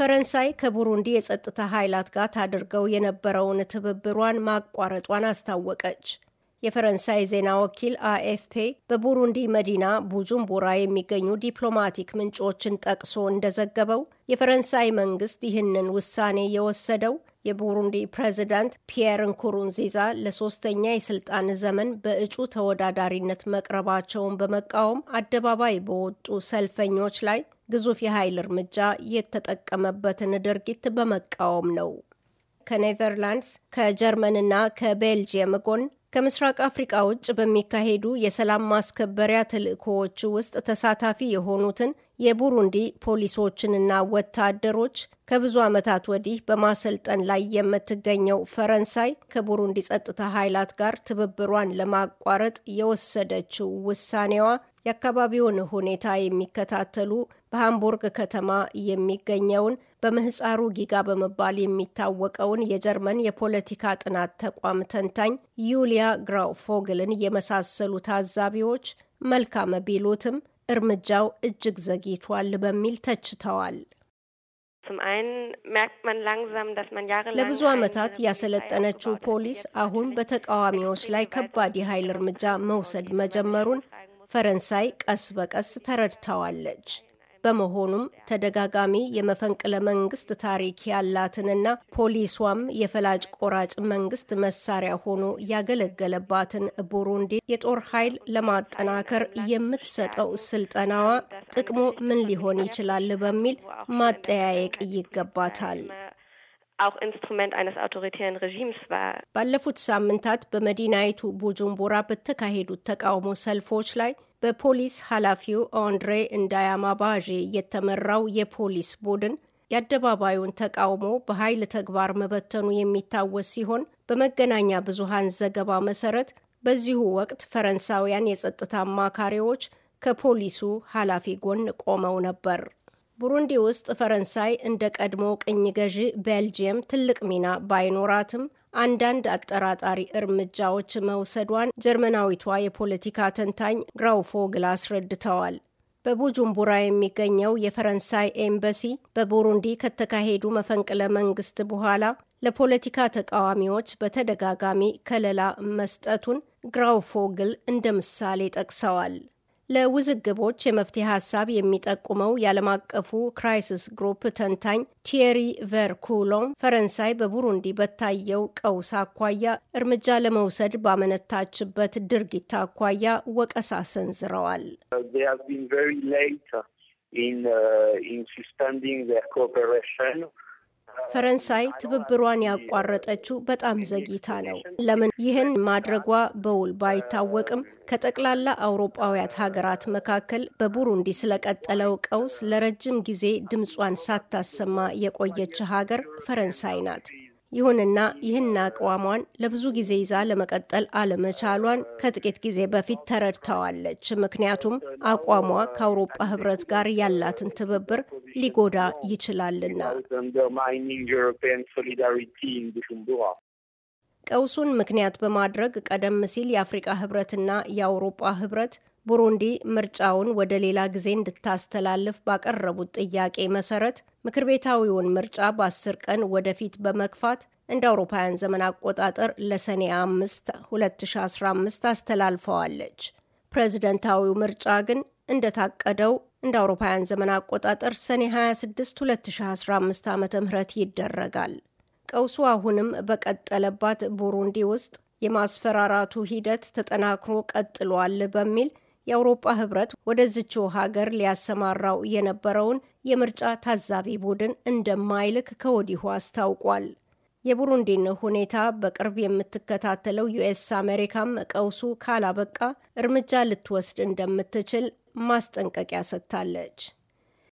ፈረንሳይ ከቡሩንዲ የጸጥታ ኃይላት ጋር ታድርገው የነበረውን ትብብሯን ማቋረጧን አስታወቀች። የፈረንሳይ ዜና ወኪል አኤፍፔ በቡሩንዲ መዲና ቡጁምቡራ የሚገኙ ዲፕሎማቲክ ምንጮችን ጠቅሶ እንደዘገበው የፈረንሳይ መንግስት ይህንን ውሳኔ የወሰደው የቡሩንዲ ፕሬዚዳንት ፒየር ንኩሩንዚዛ ለሶስተኛ የስልጣን ዘመን በእጩ ተወዳዳሪነት መቅረባቸውን በመቃወም አደባባይ በወጡ ሰልፈኞች ላይ ግዙፍ የኃይል እርምጃ የተጠቀመበትን ድርጊት በመቃወም ነው። ከኔዘርላንድስ ከጀርመንና ከቤልጅየም ጎን ከምስራቅ አፍሪቃ ውጭ በሚካሄዱ የሰላም ማስከበሪያ ተልእኮዎች ውስጥ ተሳታፊ የሆኑትን የቡሩንዲ ፖሊሶችንና ወታደሮች ከብዙ ዓመታት ወዲህ በማሰልጠን ላይ የምትገኘው ፈረንሳይ ከቡሩንዲ ጸጥታ ኃይላት ጋር ትብብሯን ለማቋረጥ የወሰደችው ውሳኔዋ የአካባቢውን ሁኔታ የሚከታተሉ በሃምቡርግ ከተማ የሚገኘውን በምህፃሩ ጊጋ በመባል የሚታወቀውን የጀርመን የፖለቲካ ጥናት ተቋም ተንታኝ ዩሊያ ግራውፎግልን የመሳሰሉ ታዛቢዎች መልካም ቢሉትም እርምጃው እጅግ ዘግይቷል በሚል ተችተዋል። ለብዙ ዓመታት ያሰለጠነችው ፖሊስ አሁን በተቃዋሚዎች ላይ ከባድ የኃይል እርምጃ መውሰድ መጀመሩን ፈረንሳይ ቀስ በቀስ ተረድታዋለች። በመሆኑም ተደጋጋሚ የመፈንቅለ መንግስት ታሪክ ያላትንና ፖሊሷም የፈላጭ ቆራጭ መንግስት መሳሪያ ሆኖ ያገለገለባትን ቡሩንዲ የጦር ኃይል ለማጠናከር የምትሰጠው ስልጠናዋ ጥቅሙ ምን ሊሆን ይችላል በሚል ማጠያየቅ ይገባታል። auch Instrument eines autoritären Regimes war። ባለፉት ሳምንታት በመዲናይቱ ቡጁምቡራ በተካሄዱት ተቃውሞ ሰልፎች ላይ በፖሊስ ኃላፊው ኦንድሬ እንዳያማባዤ የተመራው የፖሊስ ቡድን የአደባባዩን ተቃውሞ በኃይል ተግባር መበተኑ የሚታወስ ሲሆን በመገናኛ ብዙሃን ዘገባ መሰረት በዚሁ ወቅት ፈረንሳውያን የጸጥታ አማካሪዎች ከፖሊሱ ኃላፊ ጎን ቆመው ነበር። ቡሩንዲ ውስጥ ፈረንሳይ እንደ ቀድሞ ቅኝ ገዢ ቤልጅየም ትልቅ ሚና ባይኖራትም አንዳንድ አጠራጣሪ እርምጃዎች መውሰዷን ጀርመናዊቷ የፖለቲካ ተንታኝ ግራውፎግል አስረድተዋል። በቡጁምቡራ የሚገኘው የፈረንሳይ ኤምባሲ በቡሩንዲ ከተካሄዱ መፈንቅለ መንግስት በኋላ ለፖለቲካ ተቃዋሚዎች በተደጋጋሚ ከለላ መስጠቱን ግራውፎግል እንደ ምሳሌ ጠቅሰዋል። ለውዝግቦች የመፍትሄ ሀሳብ የሚጠቁመው የዓለም አቀፉ ክራይሲስ ግሩፕ ተንታኝ ቲየሪ ቨርኩሎን ፈረንሳይ በቡሩንዲ በታየው ቀውስ አኳያ እርምጃ ለመውሰድ ባመነታችበት ድርጊት አኳያ ወቀሳ ሰንዝረዋል። ፈረንሳይ ትብብሯን ያቋረጠችው በጣም ዘግይታ ነው። ለምን ይህን ማድረጓ በውል ባይታወቅም ከጠቅላላ አውሮፓውያት ሀገራት መካከል በቡሩንዲ ስለቀጠለው ቀውስ ለረጅም ጊዜ ድምጿን ሳታሰማ የቆየች ሀገር ፈረንሳይ ናት። ይሁንና ይህን አቋሟን ለብዙ ጊዜ ይዛ ለመቀጠል አለመቻሏን ከጥቂት ጊዜ በፊት ተረድተዋለች። ምክንያቱም አቋሟ ከአውሮፓ ህብረት ጋር ያላትን ትብብር ሊጎዳ ይችላልና። ቀውሱን ምክንያት በማድረግ ቀደም ሲል የአፍሪቃ ህብረትና የአውሮፓ ህብረት ቡሩንዲ ምርጫውን ወደ ሌላ ጊዜ እንድታስተላልፍ ባቀረቡት ጥያቄ መሰረት ምክር ቤታዊውን ምርጫ በአስር ቀን ወደፊት በመግፋት እንደ አውሮፓውያን ዘመን አቆጣጠር ለሰኔ 5 2015 አስተላልፈዋለች። ፕሬዝደንታዊው ምርጫ ግን እንደታቀደው እንደ አውሮፓውያን ዘመን አቆጣጠር ሰኔ 26 2015 ዓ ም ይደረጋል። ቀውሱ አሁንም በቀጠለባት ቡሩንዲ ውስጥ የማስፈራራቱ ሂደት ተጠናክሮ ቀጥሏል በሚል የአውሮፓ ህብረት ወደዝችው ሀገር ሊያሰማራው የነበረውን የምርጫ ታዛቢ ቡድን እንደማይልክ ከወዲሁ አስታውቋል። የቡሩንዲን ሁኔታ በቅርብ የምትከታተለው ዩኤስ አሜሪካም ቀውሱ ካላበቃ እርምጃ ልትወስድ እንደምትችል ማስጠንቀቂያ ሰጥታለች።